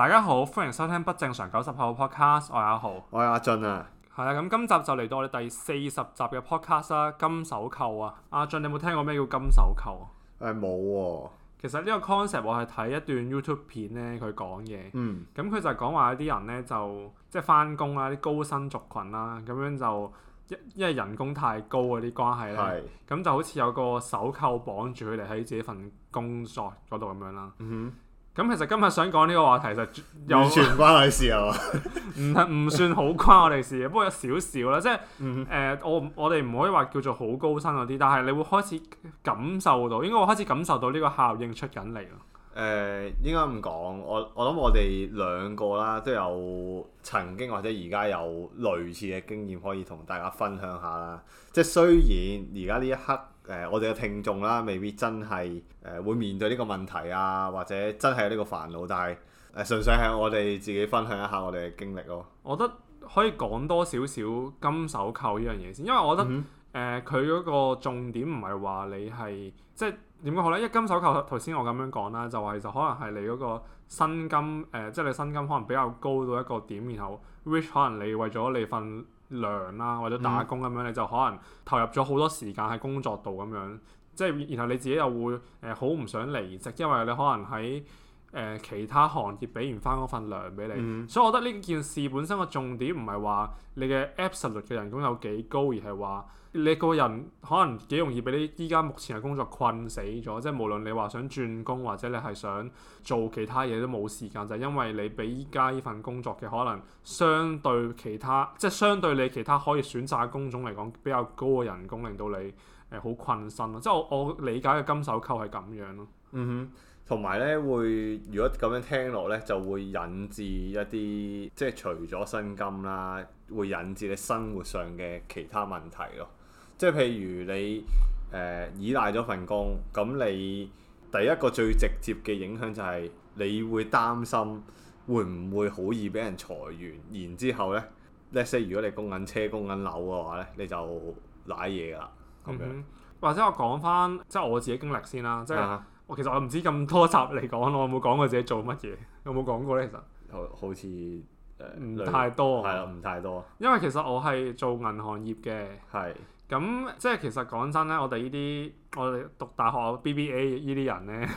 大家好，歡迎收聽不正常九十後 podcast，我係阿豪。我係阿俊啊。係啦、啊，咁今集就嚟到我哋第四十集嘅 podcast 啦、啊，金手銬啊！阿、啊、俊，你有冇聽過咩叫金手銬？誒、欸，冇、啊。其實呢個 concept 我係睇一段 YouTube 片咧，佢講嘢。嗯。咁佢就係講話啲人咧，就即係返工啦，啲高薪族群啦，咁樣就因為人工太高嗰啲關係咧，咁是就好似有個手銬綁住佢哋喺自己份工作嗰度咁樣啦。嗯咁其實今日想講呢個話題，就完全唔關， 關我哋事啊！唔唔算好關我哋事， 不過有少少啦。即係誒、呃，我我哋唔可以話叫做好高深嗰啲，但係你會開始感受到，應該會開始感受到呢個效應出緊嚟咯。誒、呃，應該咁講。我我諗我哋兩個啦，都有曾經或者而家有類似嘅經驗可以同大家分享下啦。即係雖然而家呢一刻。誒、呃，我哋嘅聽眾啦，未必真係誒、呃、會面對呢個問題啊，或者真係有呢個煩惱，但係誒、呃、純粹係我哋自己分享一下我哋嘅經歷咯、哦。我覺得可以講多少少金手銬呢樣嘢先，因為我覺得誒佢嗰個重點唔係話你係即係點講好咧，一、就是、金手銬頭先我咁樣講啦，就話其實可能係你嗰個薪金誒，即、呃、係、就是、你薪金可能比較高到一個點，然後 which 可能你為咗你份糧啦，或者打工咁樣，嗯、你就可能投入咗好多時間喺工作度咁樣，即係然後你自己又會誒好唔想離職，因為你可能喺。誒、呃、其他行業俾唔翻嗰份糧俾你，嗯、所以我覺得呢件事本身個重點唔係話你嘅 absolute 嘅人工有幾高，而係話你個人可能幾容易俾你依家目前嘅工作困死咗，即係無論你話想轉工或者你係想做其他嘢都冇時間，就係、是、因為你俾依家呢份工作嘅可能相對其他，即係相對你其他可以選擇嘅工種嚟講比較高嘅人工，令到你誒好、呃、困身咯。即係我我理解嘅金手銬係咁樣咯。嗯哼。同埋咧，會如果咁樣聽落咧，就會引致一啲即係除咗薪金啦，會引致你生活上嘅其他問題咯。即係譬如你誒、呃、依賴咗份工，咁你第一個最直接嘅影響就係你會擔心會唔會好易俾人裁員，然之後咧 especially 如果你供緊車、供緊樓嘅話咧，你就瀨嘢啦咁樣。或者我講翻即係我自己經歷先啦，即係。啊其實我唔知咁多集嚟講，我有冇講過自己做乜嘢？有冇講過咧？其實好似誒，唔、呃、太多，係啊，唔太，太多。因為其實我係做銀行業嘅，係。咁即係其實講真咧，我哋呢啲我哋讀大學 BBA 呢啲人咧，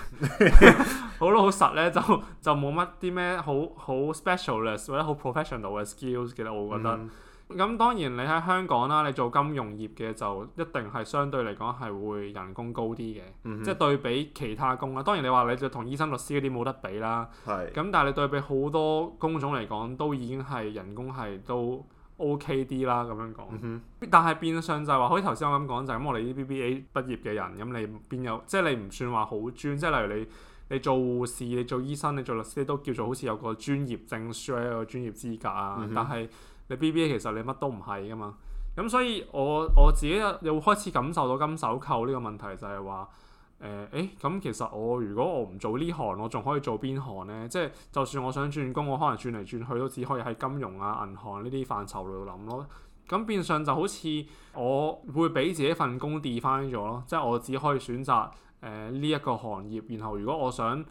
好 老實咧，就就冇乜啲咩好好 specialist 或者好 professional 嘅 skills，其實我覺得。嗯咁當然你喺香港啦，你做金融業嘅就一定係相對嚟講係會人工高啲嘅，嗯、哼即係對比其他工啦。當然你話你同醫生、律師嗰啲冇得比啦，咁是但係你對比好多工種嚟講，都已經係人工係都 OK 啲啦。咁樣講，嗯、哼但係變相就係話，好似頭先我咁講就係咁。我哋啲 BBA 畢業嘅人，咁你邊有即係你唔算話好專，即係例如你你做護士、你做醫生、你做律師你都叫做好似有個專業證書或者有個專業資格啊，嗯、哼但係。你 BBA 其實你乜都唔係噶嘛，咁所以我我自己又開始感受到金手銬呢個問題就係話，誒、呃，誒，咁其實我如果我唔做呢行，我仲可以做邊行咧？即係就算我想轉工，我可能轉嚟轉去都只可以喺金融啊、銀行呢啲範疇度諗咯。咁變相就好似我會俾自己份工跌翻咗咯，即係我只可以選擇誒呢一個行業，然後如果我想嘗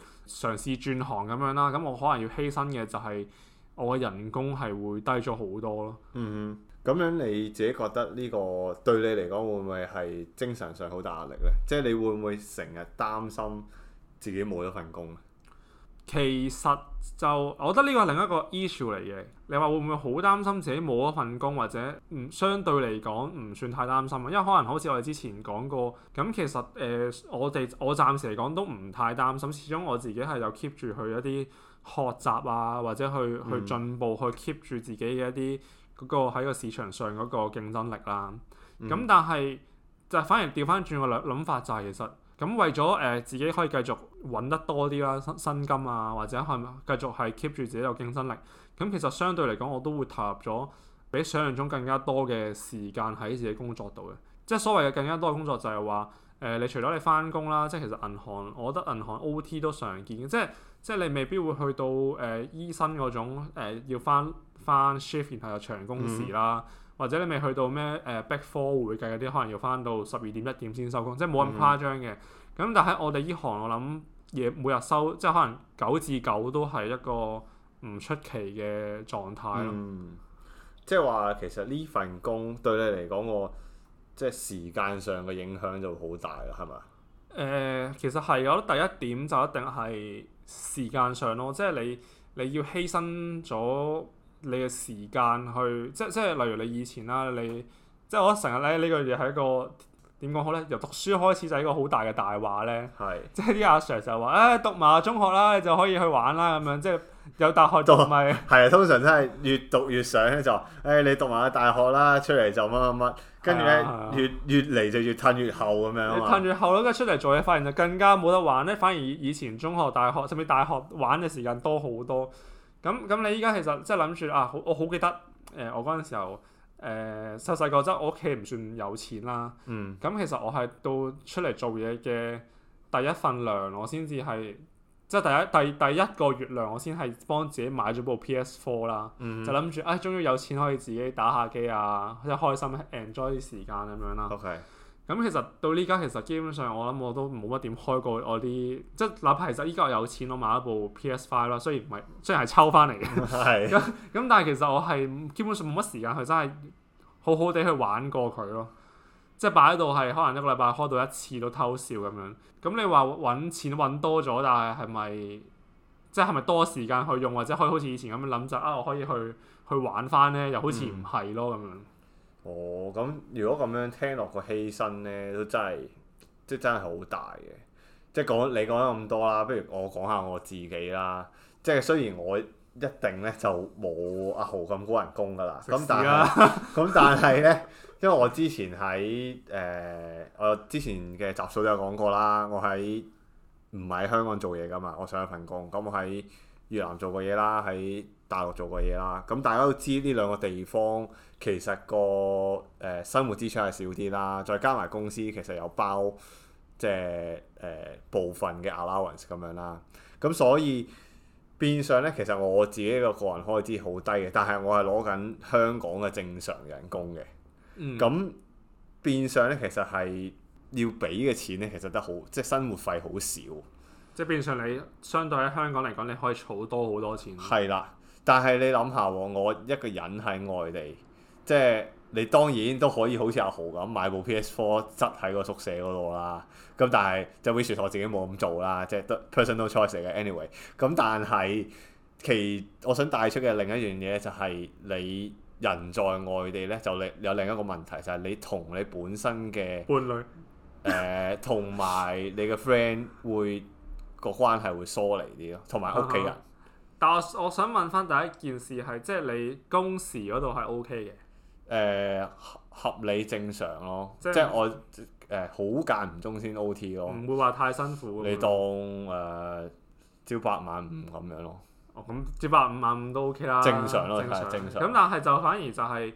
試轉行咁樣啦，咁我可能要犧牲嘅就係。我嘅人工係會低咗好多咯。嗯，咁樣你自己覺得呢個對你嚟講會唔會係精神上好大壓力呢？即係你會唔會成日擔心自己冇咗份工？其實就我覺得呢個係另一個 issue 嚟嘅。你話會唔會好擔心自己冇咗份工，或者唔相對嚟講唔算太擔心？因為可能好似我哋之前講過，咁其實誒、呃、我哋我暫時嚟講都唔太擔心。始終我自己係有 keep 住去一啲。學習啊，或者去、嗯、去進步，去 keep 住自己嘅一啲嗰個喺個市場上嗰個競爭力啦。咁、嗯、但係就反而調翻轉個諗法就係其實咁為咗誒、呃、自己可以繼續揾得多啲啦，薪薪金啊，或者係繼續係 keep 住自己有競爭力。咁其實相對嚟講，我都會投入咗比想象中更加多嘅時間喺自己工作度嘅。即係所謂嘅更加多嘅工作就係話誒，你除咗你返工啦，即係其實銀行，我覺得銀行 OT 都常見嘅，即係。即係你未必會去到誒、呃、醫生嗰種、呃、要翻翻 shift，然後又長工時啦。嗯、或者你未去到咩誒、呃、Big Four 會計嗰啲，可能要翻到十二點一點先收工，即係冇咁誇張嘅。咁、嗯、但係我哋依行，我諗嘢每日收即係可能九至九都係一個唔出奇嘅狀態咯、嗯。即係話其實呢份工對你嚟講，我即係時間上嘅影響就好大啦，係咪？誒、呃，其實係我覺得第一點就一定係。時間上咯，即係你你要犧牲咗你嘅時間去，即係，即係，例如你以前啦、啊，你即係，我成日咧呢個亦係一個。點講好咧？由讀書開始就係一個好大嘅大話咧，即係啲阿 Sir 就話，誒、啊、讀埋中學啦，你就可以去玩啦，咁樣即係有大學讀，係啊讀、就是，通常真係越讀越想咧，就誒、哎、你讀埋大學啦，出嚟就乜乜乜，跟住咧越越嚟就越褪越後咁樣。褪、啊啊、越後跟住出嚟做嘢發現就更加冇得玩咧，反而以前中學、大學甚至大學玩嘅時間多好多。咁咁你依家其實即係諗住啊，我好記得誒、呃、我嗰陣時候。誒，細細個即係我屋企唔算有錢啦，咁、嗯、其實我係到出嚟做嘢嘅第一份糧，我先至係即係第一第第一個月糧，我先係幫自己買咗部 PS4 啦，嗯、就諗住啊終於有錢可以自己打下機啊，即係開心 enjoy 啲時間咁樣啦。Okay. 咁其實到呢家其實基本上我諗我都冇乜點開過我啲，即係哪怕其實依家我有錢，我買咗部 PS Five 啦，雖然唔係，雖然係抽翻嚟嘅。係。咁咁，但係其實我係基本上冇乜時間去真係好好地去玩過佢咯，即係擺喺度係可能一個禮拜開到一次都偷笑咁樣。咁你話揾錢揾多咗，但係係咪即係係咪多時間去用，或者可以好似以前咁樣諗就啊，我可以去去玩翻咧，又好似唔係咯咁樣。嗯。哦，咁如果咁樣聽落個犧牲咧，都真係即真係好大嘅。即係講你講咗咁多啦，不如我講下我自己啦。即係雖然我一定咧就冇阿豪咁高人工噶啦，咁事、啊、但係咁 但係咧，因為我之前喺誒、呃、我之前嘅集數都有講過啦，我喺唔喺香港做嘢噶嘛，我上一份工，咁我喺越南做過嘢啦，喺大陸做過嘢啦，咁大家都知呢兩個地方其實個誒、呃、生活支出係少啲啦，再加埋公司其實有包即係誒部分嘅 allowance 咁樣啦，咁所以變相咧，其實我自己個個人開支好低嘅，但係我係攞緊香港嘅正常人工嘅，咁、嗯、變相咧其實係要俾嘅錢咧，其實得好即係生活費好少。即係變相你相對喺香港嚟講，你可以儲多好多錢。係啦，但係你諗下喎，我一個人喺外地，即係你當然都可以好似阿豪咁買部 PS4 執喺個宿舍嗰度啦。咁但係就係變我自己冇咁做啦，即係 personal choice 嘅。Anyway，咁但係其我想帶出嘅另一樣嘢就係你人在外地咧，就另有另一個問題就係、是、你同你本身嘅伴侶侶、呃，誒同埋你嘅 friend 會個關係會疏離啲咯，同埋屋企人、嗯。但我我想問翻第一件事係，即係你工時嗰度係 O K 嘅。誒、呃、合理正常咯，即係我誒好、呃、間唔中先 O T 咯，唔會話太辛苦。你當誒朝八晚五咁樣咯。嗯、哦，咁朝八晚五都 O K 啦，正常咯，正常，咯正常。咁常但係就反而就係、是、誒、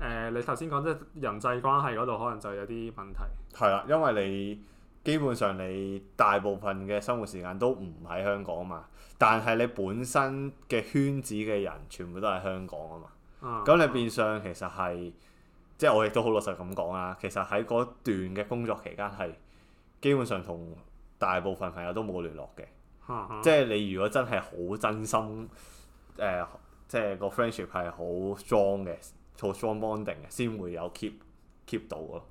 呃，你頭先講即係人際關係嗰度可能就有啲問題。係啊，因為你。基本上你大部分嘅生活時間都唔喺香港嘛，但係你本身嘅圈子嘅人全部都喺香港啊嘛。咁、uh huh. 你變相其實係，即係我亦都好老實咁講啊，其實喺嗰段嘅工作期間係基本上同大部分朋友都冇聯絡嘅。Uh huh. 即係你如果真係好真心，呃、即係個 friendship 係好 strong 嘅，好 strong bonding 嘅，先會有 keep keep 到咯。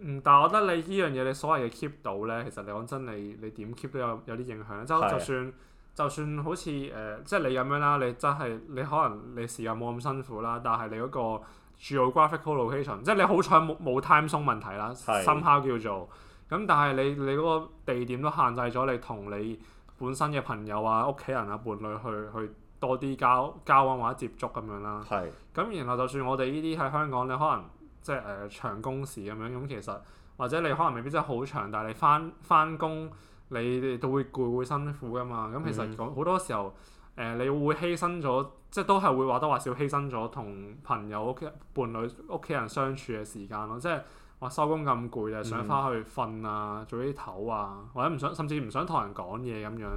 嗯，但係我覺得你依樣嘢，你所謂嘅 keep 到咧，其實你講真，你你點 keep 都有有啲影響。即就，就算是的 就算好似誒、呃，即你咁樣啦，你真係你可能你時間冇咁辛苦啦，但係你嗰個 geographical location，即你好彩冇冇 time zone 問題啦，somehow 是的 叫做。咁但係你你嗰個地點都限制咗你同你本身嘅朋友啊、屋企人啊、伴侶去去多啲交交往或者接觸咁樣啦。咁是的 然後就算我哋依啲喺香港，你可能。即係誒、呃、長工時咁樣，咁其實或者你可能未必真係好長，但係你翻翻工你都會攰，會辛苦噶嘛。咁其實講好多時候誒、呃，你會犧牲咗，即係都係會話多話少犧牲咗同朋友屋企伴侶、屋企人相處嘅時間咯。即係話收工咁攰啊，想翻去瞓啊，早啲唞啊，或者唔想，甚至唔想同人講嘢咁樣。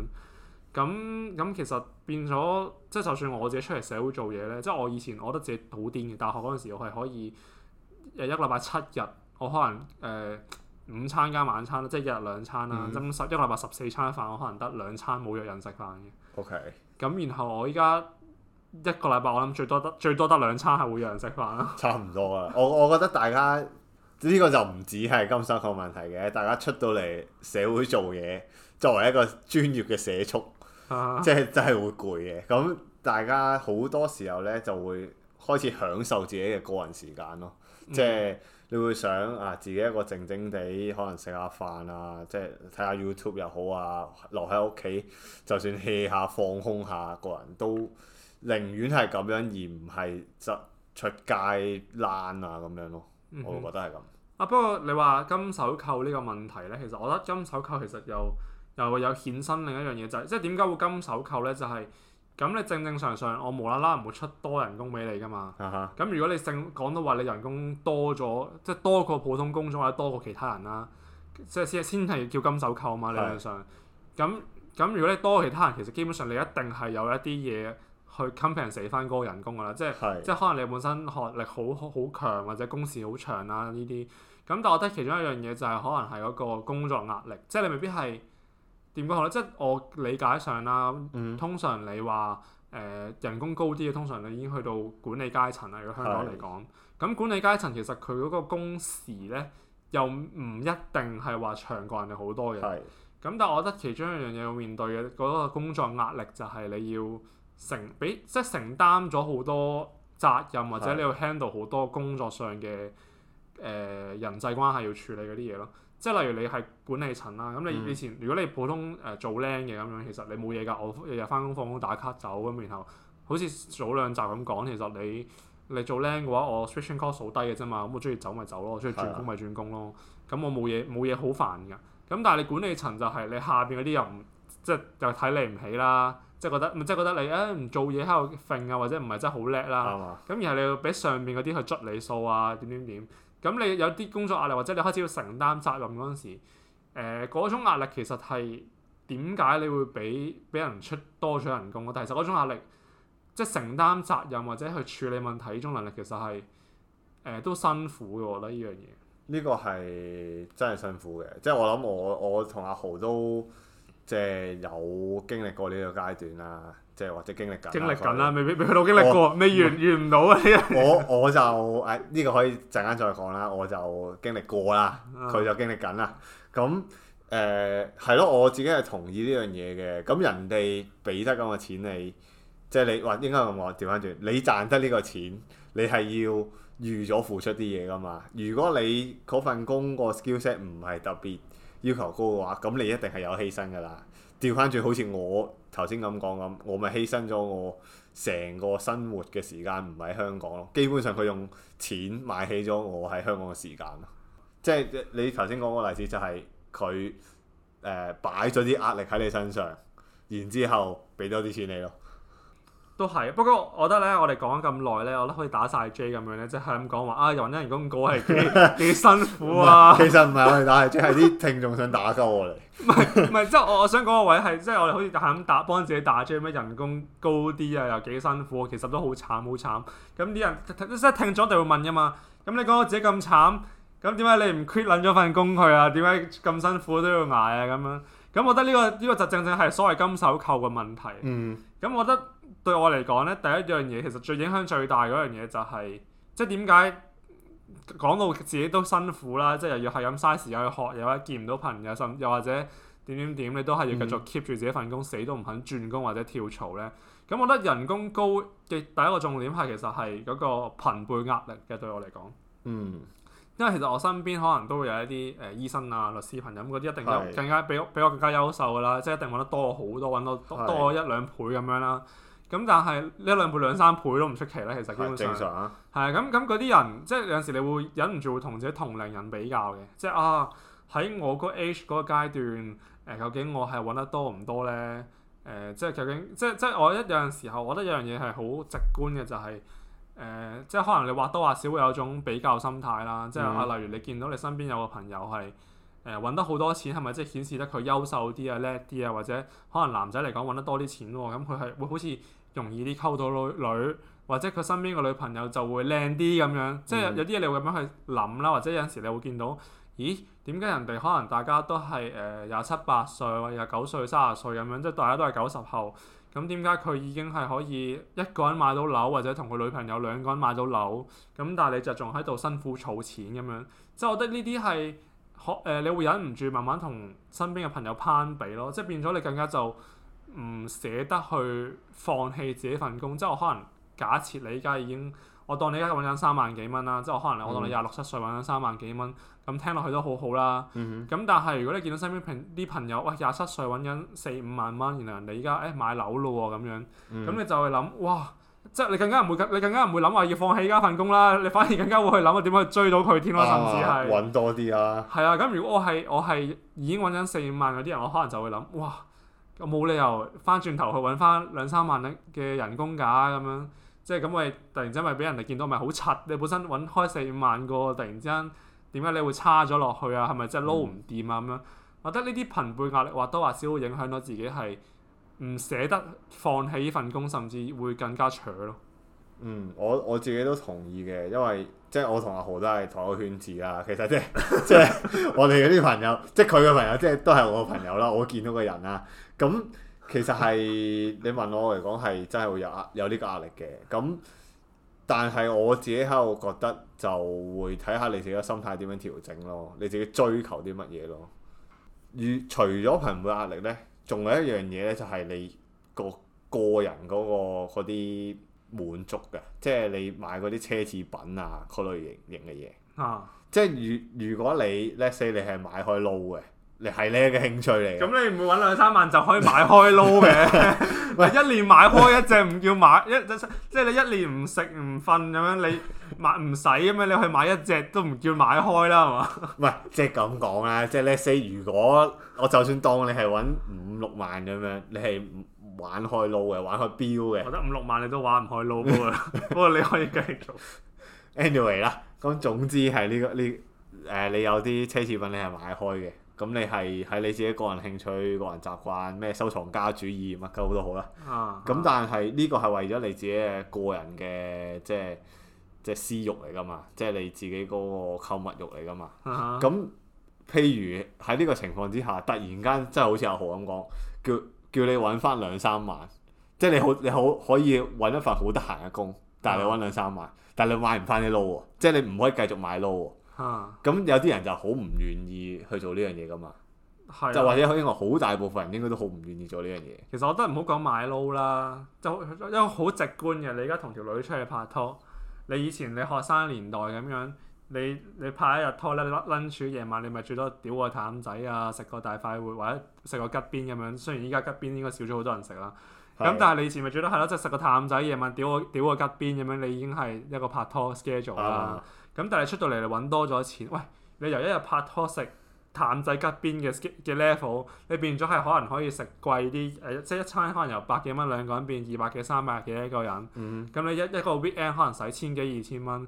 咁咁其實變咗，即係就算我自己出嚟社會做嘢咧，即係我以前我覺得自己好癲嘅，大學嗰陣時我係可以。誒一禮拜七日，我可能誒、呃、午餐加晚餐即係一日兩餐啦。咁十、嗯、一禮拜十四餐飯，我可能得兩餐冇約人食飯嘅。O K。咁然後我依家一個禮拜，我諗最多得最多得兩餐係會約人食飯啦。差唔多啦，我我覺得大家呢、這個就唔止係金手銬問題嘅，大家出到嚟社會做嘢，作為一個專業嘅社畜，啊、即係真係會攰嘅。咁大家好多時候咧就會。開始享受自己嘅個人時間咯，即係你會想啊，自己一個靜靜地，可能食下飯啊，即係睇下 YouTube 又好啊，留喺屋企，就算 hea 下放空下個人都寧願係咁樣，而唔係執出街攔啊咁樣咯。我覺得係咁、嗯。啊，不過你話金手銬呢個問題呢，其實我覺得金手銬其實又又有，有衍生另一樣嘢，就係、是、即係點解會金手銬呢？就係、是咁你正正常常，我無啦啦唔會出多人工俾你噶嘛。咁、uh huh. 如果你正講到話你人工多咗，即係多過普通工種或者多過其他人啦，即係先係先係叫金手銬嘛、uh huh. 理論上。咁咁、uh huh. 如果你多過其他人，其實基本上你一定係有一啲嘢去 compensate 翻嗰個人工㗎啦。即係、uh huh. 即係可能你本身學歷好好強或者工時好長啦呢啲。咁但係我覺得其中一樣嘢就係可能係嗰個工作壓力，即係你未必係。點講好咧？即係我理解上啦，嗯、通常你話誒、呃、人工高啲嘅，通常你已經去到管理階層啦。如果香港嚟講，咁是管理階層其實佢嗰個工時咧，又唔一定係話長過人哋好多嘅。咁是但係我覺得其中一樣嘢要面對嘅嗰、嗰個工作壓力，就係你要承俾即係承擔咗好多責任，或者你要 handle 好多工作上嘅誒、呃、人際關係要處理嗰啲嘢咯。即係例如你係管理層啦，咁你以前如果你普通誒、呃、做僆嘅咁樣，其實你冇嘢㗎，我日日翻工放工打卡走咁，然後好似早兩集咁講，其實你你做僆嘅話，我 switching cost 好低嘅啫嘛，咁我中意走咪走咯，中意轉工咪轉工咯，咁是的 我冇嘢冇嘢好煩㗎。咁但係你管理層就係你下邊嗰啲又唔即係又睇你唔起啦，即係覺得即係覺得你誒唔、欸、做嘢喺度揈啊，或者唔係真係好叻啦。咁然後你要俾上面嗰啲去捽你數啊，點點點。咁你有啲工作壓力，或者你開始要承擔責任嗰陣時，誒嗰種壓力其實係點解你會俾俾人出多咗人工咯。但係其實嗰種壓力，即係承擔責任或者去處理問題呢種能力，其實係誒都辛苦嘅。我覺得呢樣嘢呢個係真係辛苦嘅，即係我諗我我同阿豪都即係有經歷過呢個階段啦。即係或者經歷緊，經歷緊啦，未必未到經歷過，我未完完唔到啊！我我就誒呢、 哎呢個可以陣間再講啦。我就經歷過啦，佢就經歷緊啦。咁誒係咯，我自己係同意呢樣嘢嘅。咁人哋俾得咁嘅錢，就是，你，即係你話應該咁講，調翻轉，你賺得呢個錢，你係要預咗付出啲嘢噶嘛？如果你嗰份工個 skillset 唔係特別要求高嘅話，咁你一定係有犧牲噶啦。調翻轉好似我頭先咁講咁，我咪犧牲咗我成個生活嘅時間唔喺香港咯。基本上佢用錢買起咗我喺香港嘅時間，即係你頭先講個例子就係佢誒，擺咗啲壓力喺你身上，然之後俾多啲錢你咯。都係，不過我覺得咧，我哋講咁耐咧，我覺得好似打晒 J 咁樣咧，即係咁講話啊，人工如果咁高係幾幾辛苦啊？其實唔係我哋打 J，係啲聽眾想打鳩我哋。唔係唔係，即係我我想講個位係即係我哋好似係咁打幫自己打 J，咩人工高啲啊？又幾辛苦？其實都好慘好慘。咁啲人即係聽咗就會問㗎嘛。咁你講到自己咁慘，咁點解你唔 quit 撚咗份工佢啊？點解咁辛苦都要捱啊？咁樣咁，我覺得呢、呢個呢、呢個就正正係所謂金手扣嘅問題。咁、嗯、我覺得。對我嚟講咧，第一樣嘢其實最影響最大嗰樣嘢就係、是，即係點解講到自己都辛苦啦，即係又要係咁嘥時間去學又或者，見唔到朋友，甚又或者點點點，你都係要繼續 keep 住自己份工，死都唔肯轉工或者跳槽咧。咁我覺得人工高嘅第一個重點係其實係嗰個朋輩壓力嘅。對我嚟講，嗯、因為其實我身邊可能都會有一啲誒、呃、醫生啊、律師朋友咁嗰啲，一定更加比我比我更加優秀噶啦，即係一定搵得多我好多，搵到多我一兩倍咁樣啦。咁、嗯、但係呢兩倍兩三倍都唔出奇咧，其實基本上係啊，正常啊，係啊，咁咁嗰啲人，即係有陣時你會忍唔住會同自己同齡人比較嘅，即係啊喺我嗰 age 嗰個階段，誒、呃、究竟我係揾得多唔多咧？誒、呃、即係究竟，即係即係我一有陣時候，我覺得有樣嘢係好直觀嘅，就係、是、誒、呃、即係可能你或多或少會有種比較心態啦，即係、嗯、例如你見到你身邊有個朋友係誒揾得好多錢，係咪即係顯示得佢優秀啲啊叻啲啊？或者可能男仔嚟講揾得多啲錢喎、啊，咁佢係會好似。容易啲溝到女，或者佢身邊個女朋友就會靚啲咁樣，即係有啲嘢你會咁樣去諗啦，或者有陣時你會見到，咦點解人哋可能大家都係誒廿七八歲、廿九歲、卅歲咁樣，即係大家都係九十後，咁點解佢已經係可以一個人買到樓，或者同佢女朋友兩個人買到樓，咁但係你就仲喺度辛苦儲錢咁樣，即係我覺得呢啲係可誒，你會忍唔住慢慢同身邊嘅朋友攀比咯，即係變咗你更加就。唔捨得去放棄自己份工，即係我可能假設你依家已經，我當你依家揾緊三萬幾蚊啦，即係我可能我當你廿六七歲揾緊三萬幾蚊，咁聽落去都好好啦。咁但係如果你見到身邊啲朋友，喂廿七歲揾緊四五萬蚊，原來人哋依家誒買樓咯喎咁樣，咁你就會諗，哇！即係你更加唔會，你更加唔會諗話要放棄依家份工啦，你反而更加會去諗點樣去追到佢添啦，甚至係揾多啲啊！係啊，咁如果我係我係已經揾緊四五萬嗰啲人，我可能就會諗，哇！我冇理由翻轉頭去揾翻兩三萬嘅人工㗎咁樣，即係咁咪突然之間咪俾人哋見到咪好柒？你本身揾開四五萬個，突然之間點解你會差咗落去啊？係咪真係撈唔掂啊？咁、嗯、樣，我覺得呢啲朋輩壓力或多或少會影響到自己係唔捨得放棄依份工，甚至會更加扯咯。嗯，我我自己都同意嘅，因為。即係我同阿豪都係同一個圈子啦，其實即係 即係我哋嗰啲朋友，即係佢嘅朋友，即係都係我嘅朋友啦。我見到個人啊，咁、嗯、其實係你問我嚟講係真係會有壓有呢個壓力嘅，咁、嗯、但係我自己喺度覺得就會睇下你自己嘅心態點樣調整咯，你自己追求啲乜嘢咯。如除咗朋友壓力咧，仲有一樣嘢咧，就係你個個人嗰、嗰個嗰啲。滿足嘅，即係你買嗰啲奢侈品啊，嗰類型型嘅嘢，即係如如果你 let's say 你係買開撈嘅，你係呢一個興趣嚟嘅。咁、嗯、你唔會揾兩三萬就可以買開撈嘅？唔 一年買開一隻唔叫買 一即係、就是、你一年唔食唔瞓，咁樣你買，唔使咁樣你去買一隻都唔叫買開啦係嘛？唔 即係咁講咧，即係 let's say 如果我就算當你係揾五六萬咁樣，你係唔？玩開鑼嘅，玩開表嘅，我得五六萬你都玩唔開鑼喎， 不過你可以繼續。Anyway 啦，咁總之係呢、這個呢誒、這個呃，你有啲奢侈品你係買開嘅，咁你係喺你自己個人興趣、個人習慣、咩收藏家主義乜鳩都好啦。咁、啊啊、但係呢個係為咗你自己嘅個人嘅即係即係私慾嚟㗎嘛，即、就、係、是、你自己嗰個購物慾嚟㗎嘛。咁、啊啊、譬如喺呢個情況之下，突然間真係好似阿豪咁講叫，叫你揾翻兩三萬，即係你好你好可以揾一份好得閒嘅工，但係你揾兩三萬，但係你買唔翻啲撈喎，即係你唔可以繼續買撈喎。咁、啊、有啲人就好唔願意去做呢樣嘢噶嘛，啊、就或者應該好大部分人應該都好唔願意做呢樣嘢。其實我都唔好講買撈啦，就因為好直觀嘅，你而家同條女出去拍拖，你以前你學生年代咁樣。你你拍一日拖咧，lunch 夜晚你咪最多屌個譚仔啊，食個大快活或者食個吉邊咁樣。雖然依家吉邊應該少咗好多人食啦，咁的但係你以前咪最多係咯，即係食個譚仔夜晚屌個屌個吉邊咁樣，你已經係一個拍拖 schedule 啦。咁的但係出到嚟你揾多咗錢，喂，你由一日拍拖食譚仔吉邊嘅嘅 level，你變咗係可能可以食貴啲，誒、呃，即係一餐可能由百幾蚊兩個人變二百幾三百幾一個人。咁、嗯、你一一個 weekend 可能使千幾二千蚊。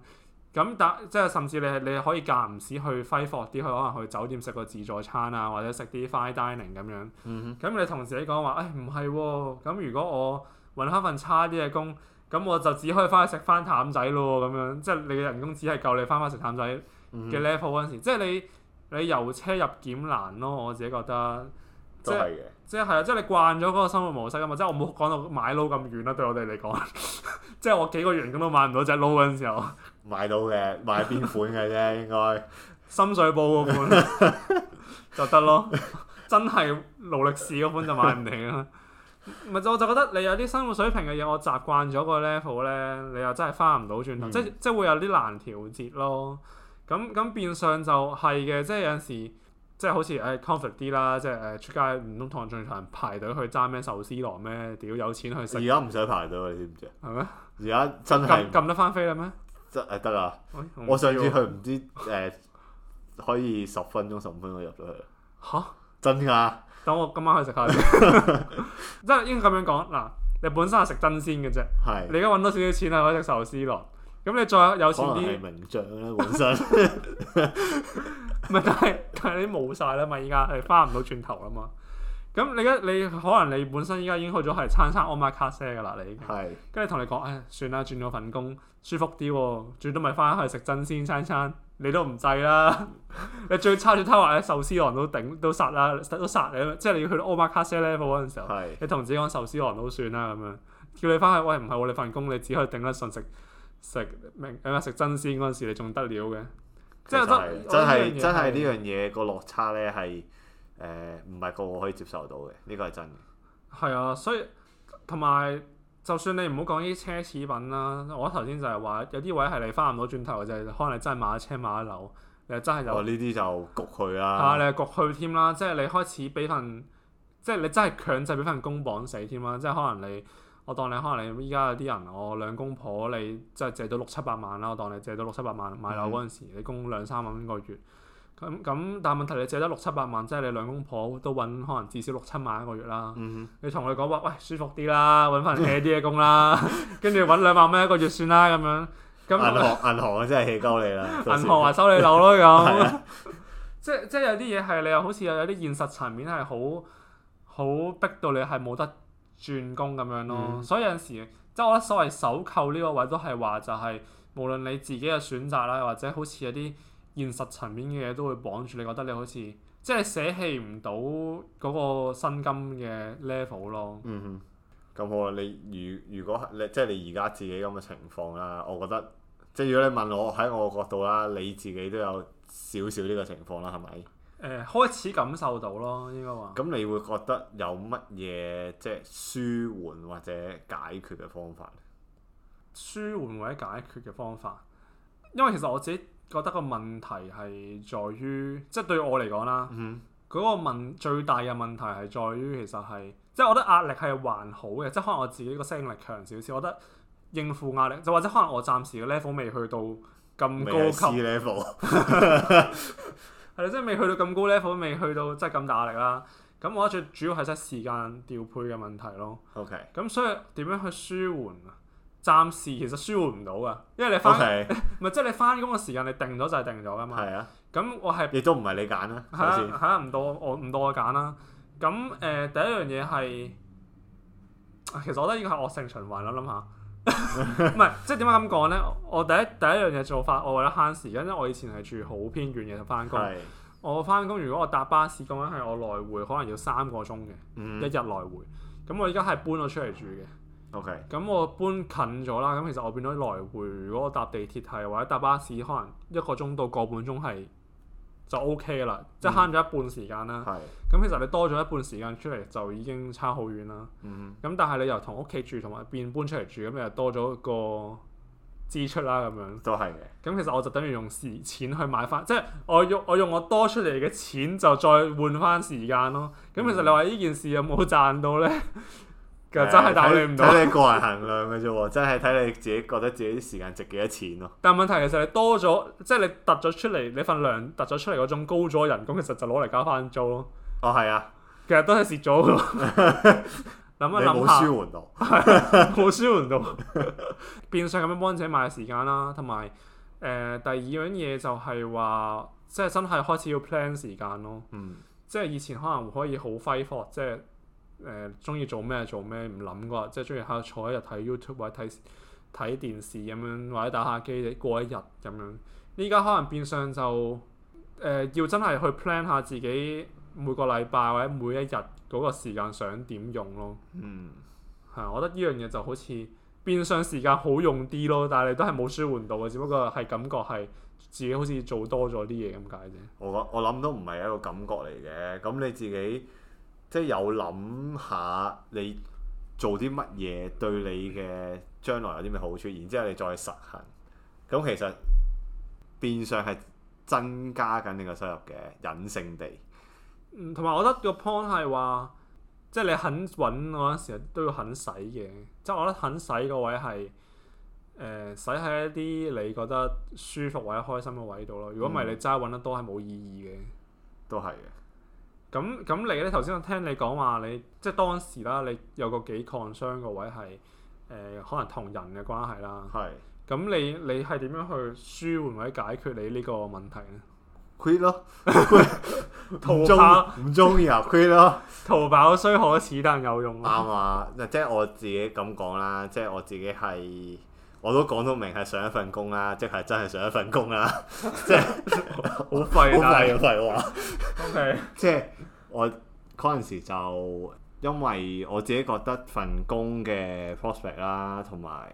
咁打即係甚至你係你係可以間唔時去揮霍啲，去可能去酒店食個自助餐啊，或者食啲 fine dining 咁樣。咁、嗯、哼你同自己講話，誒唔係喎？咁、哦、如果我揾翻份差啲嘅工，咁我就只可以翻去食翻淡仔咯，咁樣即係你嘅人工只係夠你翻翻食淡仔嘅 level 嗰陣、嗯、哼時，即係你你由車入檢難咯。我自己覺得，即係即係啊！即係你慣咗嗰個生活模式㗎嘛。即係我冇講到買樓咁遠啦，對我哋嚟講， 即係我幾個月咁都買唔到隻樓嗰陣時候。 買到嘅買邊款嘅啫，應該 深水埗嗰款 就得咯。 真係勞力士嗰款就買唔起啦。咪 就我就覺得你有啲生活水平嘅嘢，我習慣咗個 level 咧，你又真係翻唔到轉頭，嗯、即即會有啲難調節咯。咁咁變相就係、是、嘅，即有陣時即好似誒 comfort 啲啦，即誒、呃、出街唔通同人進場排隊去爭咩壽司郎咩？屌有錢去。食。而家唔使排隊，你知唔知啊？係咩？而家真係撳得翻飛啦咩？得啊、哎！我想知佢唔知誒、呃，可以十分鐘十五分鐘入咗去。吓哈真噶的？等我今晚去食下。即係應該咁樣講嗱，你本身係食真鮮嘅啫，係是你而家揾多少少錢啊嗰隻壽司咯。咁你再有，有錢啲，名將啦本身。唔係，但係但係你冇晒啦嘛，依家係翻唔到轉頭啦嘛。咁你而家你可能你本身依家已經去咗係餐餐 Omakase 嘅啦，你，已跟住同你講，唉，算啦，轉咗份工舒服啲，轉咗咪翻去食真鮮餐餐，你都唔濟啦唔制。你最差最偷話咧，壽司郎都頂都殺啦，都殺你，即係你要去到 Omakase level 嘅時候，你同自己講壽司郎都算啦咁樣，叫你翻去，喂，唔係我哋份工，你只可以頂得順食食明啊食真鮮嗰陣時，你仲得了嘅。真真真係真係呢樣嘢個落差咧係。誒唔係個個可以接受到嘅，呢個係真嘅。係啊，所以同埋就算你唔好講啲奢侈品啦、啊，我頭先就係話有啲位係你翻唔到轉頭嘅，就係可能你真係買車買樓，你真係就。呢啲、哦、就焗佢啦。嚇、啊！你係焗佢添啦，即係你開始俾份，即係你真係強制俾份工綁死添啦，即係可能你，我當你可能你依家有啲人，我兩公婆你即係借到六七百萬啦，我當你借到六七百萬買樓嗰陣時，的你供兩三萬蚊個月。咁咁、嗯，但係問題你借得六七百萬，即係你兩公婆都揾可能至少六七萬一個月啦。嗯、哼你同佢講話，喂，舒服啲啦，揾翻 hea 啲嘅工啦，跟住揾兩萬蚊一個月算啦咁樣。咁銀行那銀行真係 hea 鳩你啦！銀行話收你樓咯咁，即即有啲嘢係你又好似有有啲現實層面係好好逼到你係冇得轉工咁樣咯。嗯、所以有陣時，即我覺得所謂手銬呢個位都係話就係、是就是、無論你自己嘅選擇啦，或者好似有啲。現實層面嘅嘢都會綁住你，覺得你好似即係捨棄唔到嗰個薪金嘅 level 咯。嗯哼，咁我你如如果你即係你而家自己咁嘅情況啦，我覺得即係如果你問我喺我個角度啦，嗯、你自己都有少少呢個情況啦，係咪？誒、呃，開始感受到咯，應該話。咁你會覺得有乜嘢即係舒緩或者解決嘅方法？舒緩或者解決嘅方法，因為其實我自己。覺得個問題係在於，即係對我嚟講啦，嗰、mm hmm. 個問最大嘅問題係在於，其實係即係我覺得壓力係還好嘅，即係可能我自己個適應力強少少，我覺得應付壓力，就或者可能我暫時嘅 level 未去到咁高級 level，係啦， 即係未去到咁高 level，未去到即係咁大壓力啦。咁我覺得最主要係即係時間調配嘅問題咯。OK，咁所以點樣去舒緩啊？暫時其實舒緩唔到噶，因為你翻唔係即係你翻工嘅時間，你定咗就係定咗噶嘛。係啊，咁我係亦都唔係你揀啦，首先慳唔、啊啊、到，到我唔到我揀啦。咁誒、呃、第一樣嘢係，其實我覺得呢個係惡性循環啦。諗下，唔係 即係點解咁講咧？我第一第一樣嘢做法，我為咗慳時間，因為我以前係住好偏遠嘅，就翻工。我翻工，如果我搭巴士，咁樣係我來回可能要三個鐘嘅，mm. 一日來回。咁我而家係搬咗出嚟住嘅。OK，咁我搬近咗啦，咁其實我變咗來回，如果我搭地鐵係或者搭巴士，可能一個鐘到個半鐘係就 OK 啦，嗯、即係慳咗一半時間啦。係的，咁其實你多咗一半時間出嚟就已經差好遠啦。嗯咁哼但係你又同屋企住，同埋變搬出嚟住，咁又多咗個支出啦，咁樣。都係嘅。咁其實我就等於用時錢去買翻，即係我用我用我多出嚟嘅錢就再換翻時間咯。咁、嗯、其實你話呢件事有冇賺到咧？其實真係打理唔到，睇你個人衡量嘅啫喎， 真係睇你自己覺得自己啲時間值幾多錢咯、啊。但問題其實你多咗，即、就、係、是、你突咗出嚟，你份量突咗出嚟嗰種高咗人工，其實就攞嚟交翻租咯。哦，係啊，其實都係蝕咗。諗 一諗冇舒緩到，冇舒緩到，變相咁樣幫自己買嘅時間啦、啊。同埋，誒、呃，第二樣嘢就係話，即、就、係、是、真係開始要 plan 時間咯。嗯、即係以前可能可以好揮霍，即係。誒，中意做咩做咩唔諗啩，即係中意喺度坐一日睇 YouTube 或者睇睇電視咁樣，或者打下機過一日咁樣。依家可能變相就誒、呃、要真係去 plan 下自己每個禮拜或者每一日嗰個時間想點用咯。嗯，係，我覺得呢樣嘢就好似變相時間好用啲咯，但你都係冇舒緩到嘅，只不過係感覺係自己好似做多咗啲嘢咁解啫。我我諗都唔係一個感覺嚟嘅，咁你自己。即係有諗下你做啲乜嘢對你嘅將來有啲咩好處，嗯、然之後你再實行，咁其實變相係增加緊你個收入嘅隱性地。嗯，同埋我覺得個 point 係話，即係你肯揾嗰陣時候都要肯使嘅，即係我覺得肯使個位係誒使喺一啲你覺得舒服或者開心嘅位度咯。如果唔係你齋揾得多係冇意義嘅、嗯，都係嘅。咁咁你咧，頭先我聽你講話你，你即係當時啦，你有個幾抗傷個位係誒、呃，可能同人嘅關係啦。係是。咁你你係點樣去舒緩或者解決你呢個問題咧？Quit 咯，逃跑唔中意啊！Quit 咯，逃跑雖可恥，但有用啊。啱啊， 即係我自己咁講啦，即係我自己係。我都講到明係上一份工啦，即係真係上一份工啦， 即係好廢啦，好廢話。Okay. 即係我嗰陣時就因為我自己覺得份工嘅 prospect 啦，同埋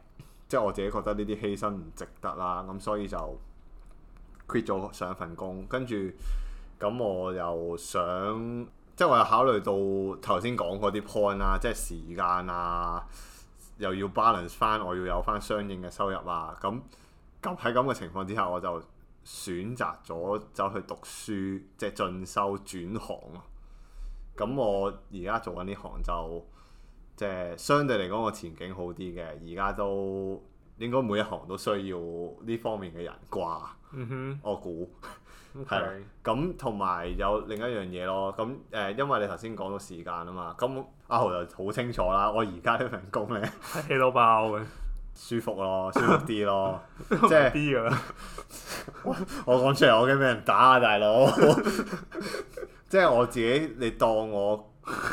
即係我自己覺得呢啲犧牲唔值得啦，咁所以就 quit 咗上一份工，跟住咁我又想，即係我又考慮到頭先講嗰啲 point 啦，即係時間啊。又要 balance 翻，我要有翻相應嘅收入啊！咁喺咁嘅情況之下，我就選擇咗走去讀書，即係進修轉行。咁我而家做緊呢行就即係相對嚟講個前景好啲嘅。而家都應該每一行都需要呢方面嘅人啩。Mm hmm. 我估。係咁，同埋有另一樣嘢咯，咁誒、呃，因為你頭先講到時間啊嘛，咁阿豪就好清楚啦，我而家呢份工咧氣 到爆嘅，舒服咯，舒服啲咯，即係啲咁。啦， 我出來我講出嚟我驚俾人打啊大佬，即 係 我自己，你當我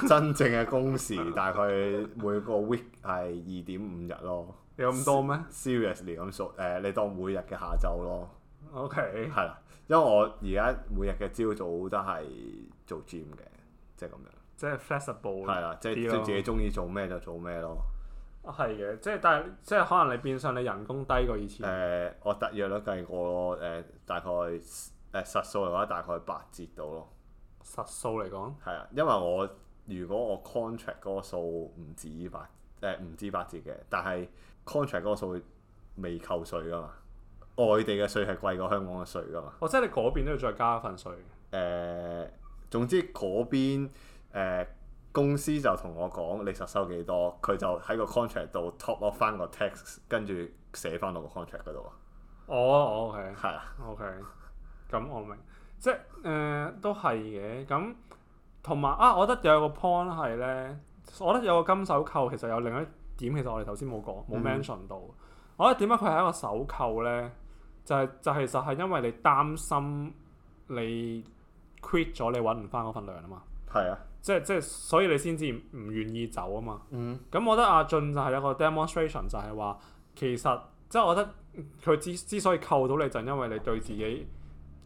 真正嘅工時大概每個 week 係二點五日咯， 你有咁多咩？Seriously 咁熟？誒，你當每日嘅下晝咯，OK，係啦。因為我而家每日嘅朝早都係做 gym 嘅，即係咁樣。即係 flexible。係啦，即係自己中意做咩就做咩咯。係嘅，即係但係即係可能你變相你人工低過以前。誒、呃，我特約率計過誒，大概誒，實數嚟講大概八折到咯。實數嚟講。係啊，因為我如果我 contract 嗰個數唔止八，誒唔止八折嘅，但係 contract 嗰個數未扣稅噶嘛。外地嘅稅係貴過香港嘅稅㗎嘛？哦，即係你嗰邊都要再加一份稅。誒、呃，總之嗰邊、呃、公司就同我講你實收幾多，佢就喺個 contract 度 top up 翻個 tax，跟住寫翻落個 contract 嗰度。哦，OK，係啊的，OK。咁我明，即係誒、呃、都係嘅。咁同埋啊，我覺得有個 point 係咧，我覺得有個金手銬其實有另一,一點，其實我哋頭先冇講冇 mention 到。嗯、我覺得點解佢係一個手銬咧？就係、係、就係就係因為你擔心你 quit 咗你揾唔翻嗰份糧啊嘛，係啊，即即、就係就係、所以你先至唔願意走啊嘛。咁、嗯、我覺得阿俊就係一個 demonstration，就係話其實即、就係、我覺得佢之之所以扣到你，就係因為你對自己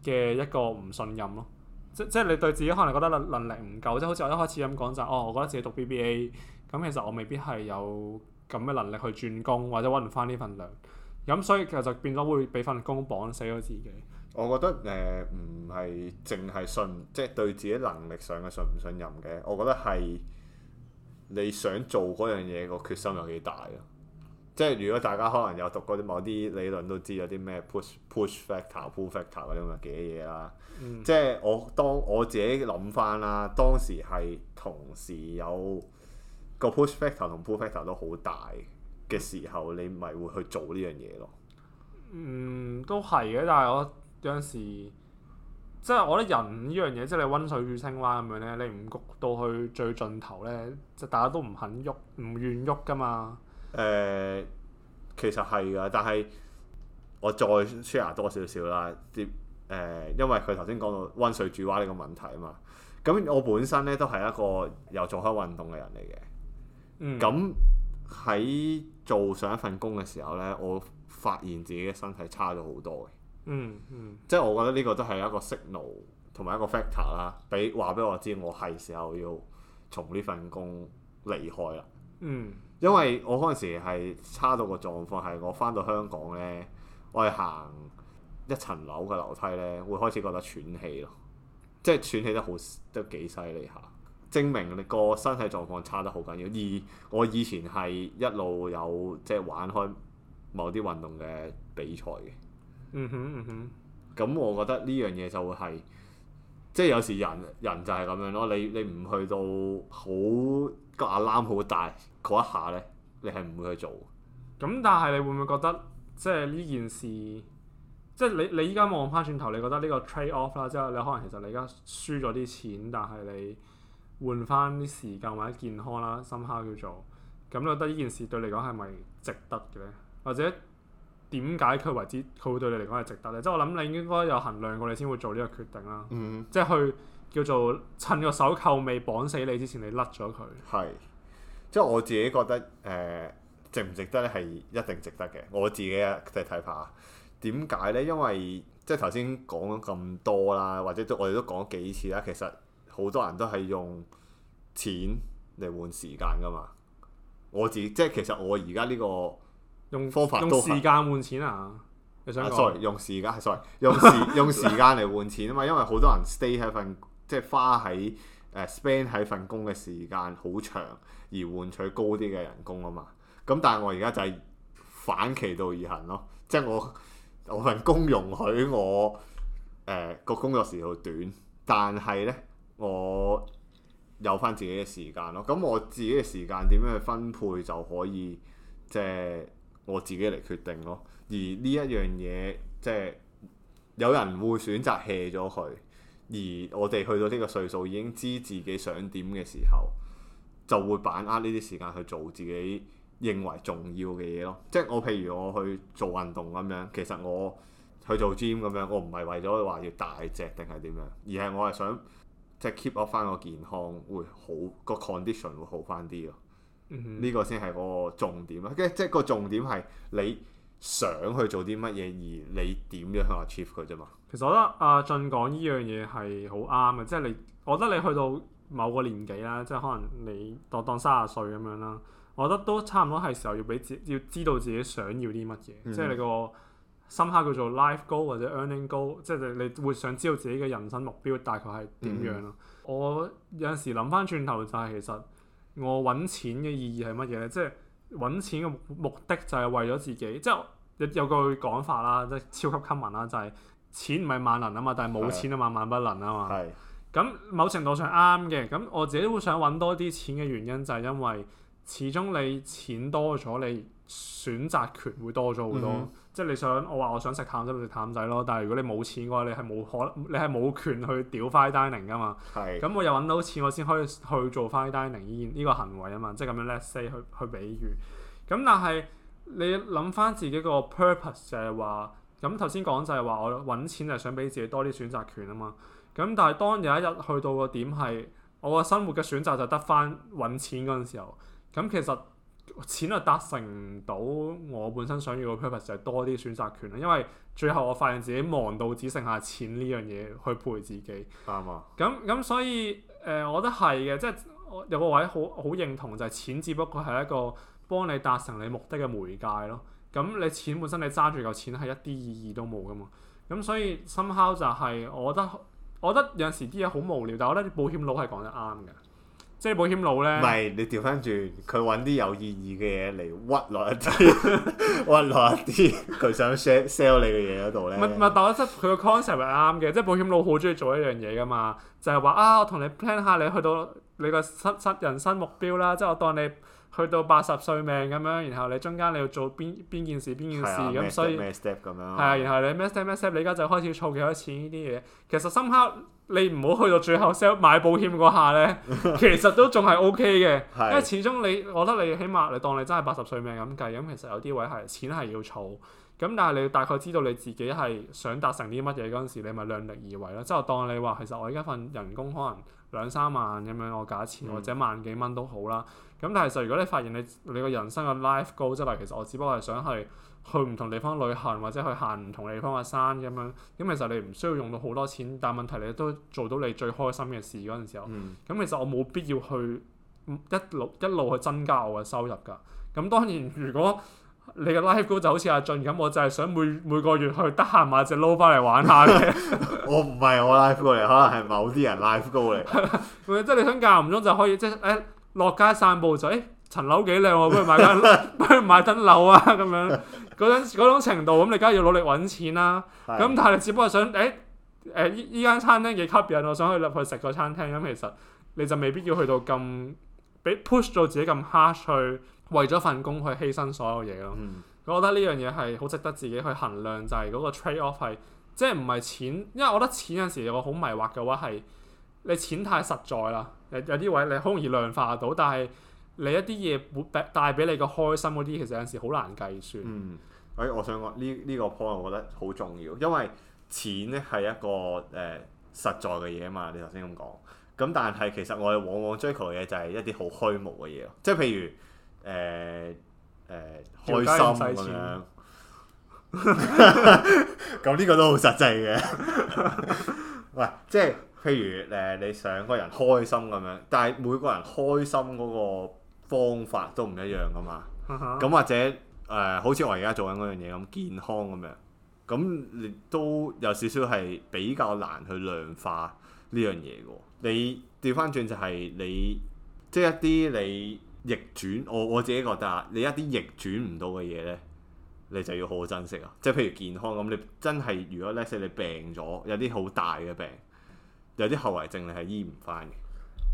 嘅一個唔信任咯。即、就、即、係就係、你對自己可能覺得能能力唔夠，即、就係、好似我一開始咁講就係、哦，我覺得自己讀 BBA，咁其實我未必係有咁嘅能力去轉工或者揾唔翻呢份糧。咁所以其實就變咗會俾份工綁死咗自己。我覺得誒唔係淨係信，即係對自己能力上嘅信唔信任嘅。我覺得係你想做嗰樣嘢個決心有幾大咯？即係如果大家可能有讀過啲某啲理論都知有啲咩 push push factor pull factor 嗰啲咁嘅嘅嘢啦。嗯、即係我當我自己諗翻啦，當時係同時有個 push factor 同 pull factor 都好大嘅時候，你咪會去做呢樣嘢咯。嗯，都係嘅，但係我有陣時，即係我覺得人呢樣嘢，即係你溫水煮青蛙咁樣咧，你唔焗到去最盡頭咧，即係大家都唔肯喐，唔願喐噶嘛。誒，其實係嘅，但係我再 share 多少少啦。誒，因為佢頭先講到溫水煮蛙呢個問題啊嘛。咁我本身咧都係一個有做開運動嘅人嚟嘅。嗯。咁喺做上一份工嘅時候呢，我發現自己嘅身體差咗好多嘅。嗯嗯，即係我覺得呢個都係一個 signal 同埋一個 factor 啦，俾話俾我知我係時候要從呢份工離開啦。嗯，因為我嗰陣時係差到個狀況，係我翻到香港呢，我係行一層樓嘅樓梯呢，會開始覺得喘氣咯，即係喘氣得好都幾犀利下。證明你個身體狀況差得好緊要。而我以前係一路有即係玩開某啲運動嘅比賽嘅，嗯，嗯哼嗯哼。咁我覺得呢樣嘢就會、是、係即係有時人人就係咁樣咯。你你唔去到好個 alarm 好大嗰一下呢，你係唔會去做。咁、嗯、但係你會唔會覺得即係呢件事？即係你你依家望翻轉頭，你覺得呢個 trade off 啦，即係你可能其實你而家輸咗啲錢，但係你。換翻啲時間或者健康啦，深刻叫做，咁覺得呢件事對你講係咪值得嘅咧？或者點解佢為之佢會對你嚟講係值得咧？即係我諗你應該有衡量過你先會做呢個決定啦。嗯，即係去叫做趁個手扣未綁死你之前，你甩咗佢。係，即係我自己覺得誒，呃，值唔值得咧，係一定值得嘅。我自己啊就睇下點解咧，因為即係頭先講咗咁多啦，或者我都我哋都講咗幾次啦，其實。好多人都係用錢嚟換時間噶嘛，我自己即係其實我而家呢個用方法用時間換錢啊？你想、uh,？sorry，用時間，sorry，用時 用時間嚟換錢啊嘛，因為好多人 stay 喺份即係花喺誒、uh, spend 喺份工嘅時間好長，而換取高啲嘅人工啊嘛。咁但係我而家就係反其道而行咯，即係我我份工容許我誒個、呃、工作時候短，但係咧。我有翻自己嘅時間咯，咁我自己嘅時間點樣去分配就可以，即係我自己嚟決定咯。而呢一樣嘢，即係有人會選擇 hea 咗佢，而我哋去到呢個歲數已經知自己想點嘅時候，就會把握呢啲時間去做自己認為重要嘅嘢咯。即係我譬如我去做運動咁樣，其實我去做 gym 咁樣，我唔係為咗話要大隻定係點樣，而係我係想。即係 keep up 翻個健康會好個 condition 會好翻啲咯，呢、嗯、哼個先係嗰個重點啦。跟即係個重點係你想去做啲乜嘢，而你點樣去 achieve 佢啫嘛。其實我覺得阿俊、呃、講依樣嘢係好啱嘅，即係你，我覺得你去到某個年紀啦，即係可能你當當三十歲咁樣啦，我覺得都差唔多係時候要俾自要知道自己想要啲乜嘢，嗯、哼即係你個。深刻叫做 life goal 或者 earning goal，即係你你會想知道自己嘅人生目標大概係點樣咯，嗯。我有陣時諗翻轉頭就係其實我揾錢嘅意義係乜嘢咧？即係揾錢嘅目的就係為咗自己。即係有句講法啦，即係超級 common 啦，就係錢唔係萬能啊嘛，但係冇錢就萬萬不能啊嘛。咁的某程度上啱嘅。咁我自己會想揾多啲錢嘅原因就係、是、因為始終你錢多咗，你選擇權會多咗好多。嗯嗯即係你想，我話我想食譚仔咪食譚仔咯。但係如果你冇錢嘅話，你係冇可能，你係冇權去屌 fine dining 噶嘛。係的。咁我又揾到錢，我先可以去做 fine dining 呢依個行為啊嘛。即係咁樣 let's say 去去比喻。咁但係你諗翻自己個 purpose 就係話，咁頭先講就係話我揾錢就係想俾自己多啲選擇權啊嘛。咁但係當有一日去到個點係，我個生活嘅選擇就得翻揾錢嗰陣時候，咁其實錢就達成唔到我本身想要嘅 purpose 就係多啲選擇權啦，因為最後我發現自己忙到只剩下錢呢樣嘢去陪自己。啱啊！咁咁所以誒、呃，我覺得係嘅，即係有個位好好認同就係錢，只不過係一個幫你達成你目的嘅媒介咯。咁你錢本身你揸住嚿錢係一啲意義都冇噶嘛。咁所以深敲就係我覺得我覺得有時啲嘢好無聊，但係我覺得保險佬係講得啱嘅。即係保險佬咧，唔係你調翻轉，佢揾啲有意義嘅嘢嚟屈落一啲，屈落 一啲，佢想 sell sell 你嘅嘢嗰度咧。唔唔，但我覺得佢個 concept 係啱嘅，即係保險佬好中意做一樣嘢㗎嘛，就係、係、話啊，我同你 plan 下你去到你個人生目標啦，即係我當你去到八十歲命咁樣，然後你中間你要做邊邊件事邊件事咁，啊、所以 step 咁樣。係啊，然後你 step step step，你而家就開始儲幾多錢呢啲嘢，其實深刻。你唔好去到最後 sell 買保險嗰下咧，其實都仲係 OK 嘅， 是的 因為始終你，我覺得你起碼你當你真係八十歲命咁計，咁其實有啲位係錢係要儲，咁但係你大概知道你自己係想達成啲乜嘢嗰陣時，你咪量力而為咯。即係我當你話其實我而家份人工可能兩三萬咁樣，我假設、嗯、或者萬幾蚊都好啦。咁但係其實如果你發現你你個人生嘅 life goal，即係其實我只不過係想去。去唔同地方旅行或者去行唔同地方嘅山咁樣，咁其實你唔需要用到好多錢，但問題你都做到你最開心嘅事嗰陣時候，咁、嗯、其實我冇必要去一路一路去增加我嘅收入噶。咁當然，如果你嘅 l i f e g 高就好似阿俊咁，我就係想每每個月去得閒買隻撈翻嚟玩下嘅。 我唔係我 l i f e g 高嚟，可能係某啲人 l i f e g 高嚟，即係 你想間唔中就可以即係誒落街散步就誒、哎、層樓幾靚，不如買間不如買層樓啊咁樣。嗰種程度，咁你梗係要努力揾錢啦、啊。咁的但係你只不過想，誒誒呢呢間餐廳幾吸引，我想去入去食個餐廳。咁其實你就未必要去到咁俾 push 到自己咁 hard 去，為咗份工去犧牲所有嘢咯。嗯、我覺得呢樣嘢係好值得自己去衡量，就係、是、嗰個 trade off 係，即係唔係錢？因為我覺得錢有陣時我好迷惑嘅話係，你錢太實在啦，有啲位你好容易量化到，但係。你一啲嘢會俾帶俾你個開心嗰啲，其實有時好難計算。嗯，誒，我想講呢呢個 point，、這個、我覺得好重要，因為錢咧係一個誒、呃、實在嘅嘢啊嘛。你頭先咁講，咁但係其實我哋往往追求嘅嘢就係一啲好虛無嘅嘢，即係譬如誒誒、呃呃、開心咁樣。咁呢 個都好實際嘅。喂、 呃，即係譬如誒、呃，你想個人開心咁樣，但係每個人開心嗰、那個。方法都唔一樣噶嘛，咁、嗯、哼或者誒、呃，好似我而家做緊嗰樣嘢咁，健康咁樣，咁你都有少少係比較難去量化呢樣嘢嘅。你調翻轉就係你，即係一啲你逆轉，我我自己覺得，你一啲逆轉唔到嘅嘢呢，你就要好好珍惜啊！即係譬如健康咁，你真係如果咧，使你病咗，有啲好大嘅病，有啲後遺症你，你係醫唔翻嘅。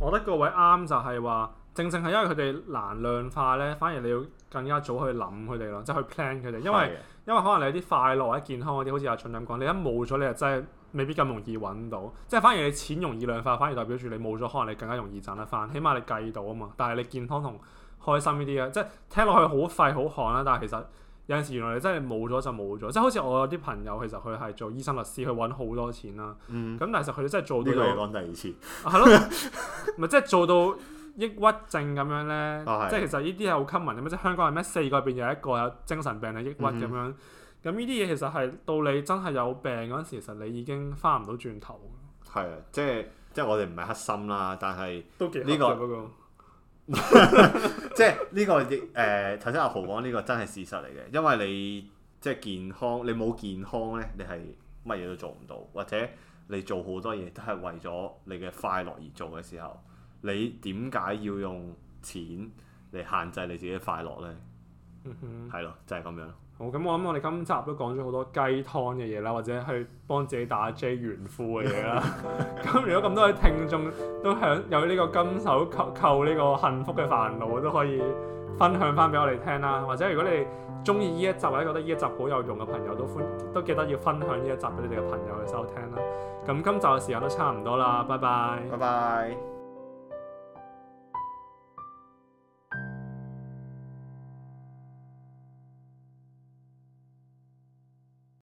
我覺得各位啱就係話。正正係因為佢哋難量化咧，反而你要更加早去諗佢哋咯，即係去 plan 佢哋。因為是的 因為可能你啲快樂或者健康嗰啲，好似阿俊咁講，你一冇咗你就真係未必咁容易揾到。即係反而你錢容易量化，反而代表住你冇咗，可能你更加容易賺得翻。起碼你計到啊嘛。但係你健康同開心呢啲咧，即係聽落去好廢好寒啦。但係其實有陣時原來你真係冇咗就冇咗。即係好似我有啲朋友其實佢係做醫生律師，去揾好多錢啦。嗯。咁但係其實佢哋真係做到。呢個講第二次。係咯。咪即係做到。抑鬱症咁樣咧、哦，即係其實呢啲係好 common 嘅咩？即係香港係咩？四個入邊有一個有精神病定抑鬱咁樣，嗯、哼樣。咁呢啲嘢其實係到你真係有病嗰陣時，其實你已經翻唔到轉頭。係啊，即係即係我哋唔係黑心啦，但係呢、呢個都、嗰個、 即係、呢、呢個亦誒，頭、呃、先阿豪講呢個真係事實嚟嘅。因為你即係健康，你冇健康咧，你係乜嘢都做唔到，或者你做好多嘢都係為咗你嘅快樂而做嘅時候。你點解要用錢嚟限制你自己嘅快樂呢？嗯哼，係咯，就係、是、咁樣。好，咁我諗我哋今集都講咗好多雞湯嘅嘢啦，或者去幫自己打 J 懸乎嘅嘢啦。咁 如果咁多位聽眾都響有呢個金手銬扣呢個幸福嘅煩惱，都可以分享翻俾我哋聽啦。或者如果你中意呢一集或者覺得呢一集好有用嘅朋友，都歡都記得要分享呢一集俾你哋嘅朋友去收聽啦。咁今集嘅時間都差唔多啦，嗯、拜拜，拜拜。